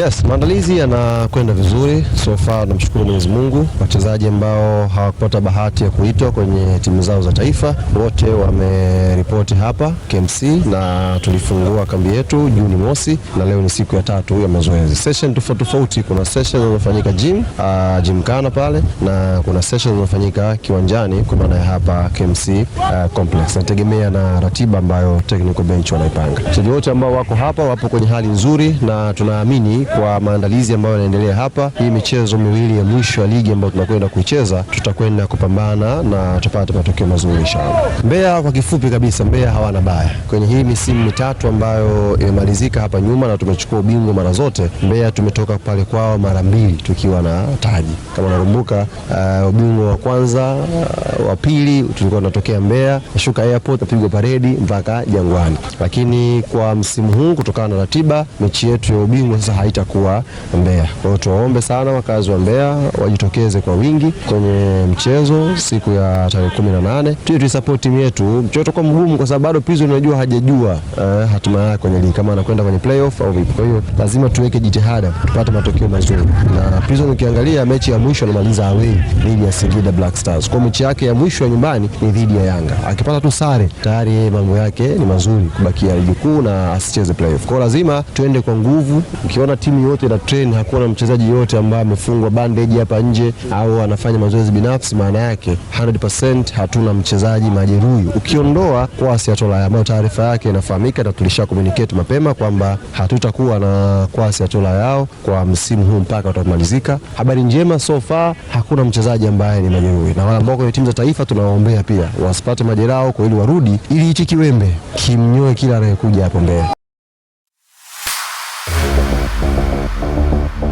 Yes, maandalizi yanakwenda vizuri so far, namshukuru Mwenyezi Mungu. Wachezaji ambao hawakupata bahati ya kuitwa kwenye timu zao za taifa wote wameripoti hapa KMC na tulifungua kambi yetu Juni mosi, na leo ni siku ya tatu ya mazoezi. Session tofauti tofauti, kuna session inayofanyika gym uh, gym kana pale na kuna session inayofanyika kiwanjani kwa maana ya hapa KMC uh, ah, complex. Nategemea na ratiba ambayo technical bench wanaipanga. Wachezaji wote ambao wako hapa wapo kwenye hali nzuri na tunaamini kwa maandalizi ambayo yanaendelea hapa. Hii michezo miwili ya mwisho ya ligi ambayo tunakwenda kuicheza, tutakwenda kupambana na tupate matokeo mazuri inshallah. Mbeya kwa kifupi kabisa, Mbeya hawana baya kwenye hii misimu mitatu ambayo imemalizika hapa nyuma, na tumechukua ubingwa mara zote. Mbeya tumetoka pale kwao mara mbili tukiwa na taji kama unakumbuka, uh, ubingwa wa kwanza uh, wa pili tulikuwa tunatokea Mbeya, shuka airport apigwa paredi mpaka Jangwani, lakini kwa msimu huu kutokana na ratiba mechi yetu ya ubingwa sasa haita itakuwa Mbeya. Kwa hiyo tuwaombe sana wakazi wa Mbeya wajitokeze kwa wingi kwenye mchezo siku ya tarehe kumi na nane tuje tuisapoti timu yetu. Mchezo utakuwa mgumu kwa sababu bado Prison unajua hajajua uh, hatima yake kwenye ligi kama anakwenda kwenye playoff au vipi. Kwa hiyo lazima tuweke jitihada tupate matokeo mazuri, na Prison ukiangalia mechi ya mwisho anamaliza away dhidi ya Singida Black Stars, kwa mechi yake ya mwisho ya nyumbani ni dhidi ya Yanga. Akipata tu sare tayari yeye mambo yake ni mazuri kubakia ligi kuu na asicheze playoff. Kwa hiyo lazima tuende kwa nguvu, ukiona timu timu yote na train, hakuna mchezaji yote ambaye amefungwa bandage hapa nje au anafanya mazoezi binafsi. Maana yake 100% hatuna mchezaji majeruhi, ukiondoa Kwasi Atola ambayo taarifa yake inafahamika na tulisha communicate mapema kwamba hatutakuwa na Kwasi Atola yao kwa msimu huu mpaka utamalizika. Habari njema so far hakuna mchezaji ambaye ni majeruhi, na wale ambao kwenye timu za taifa tunawaombea pia wasipate majeraha huko, ili warudi, ili hichi kiwembe kimnyoe kila anayekuja hapo mbele.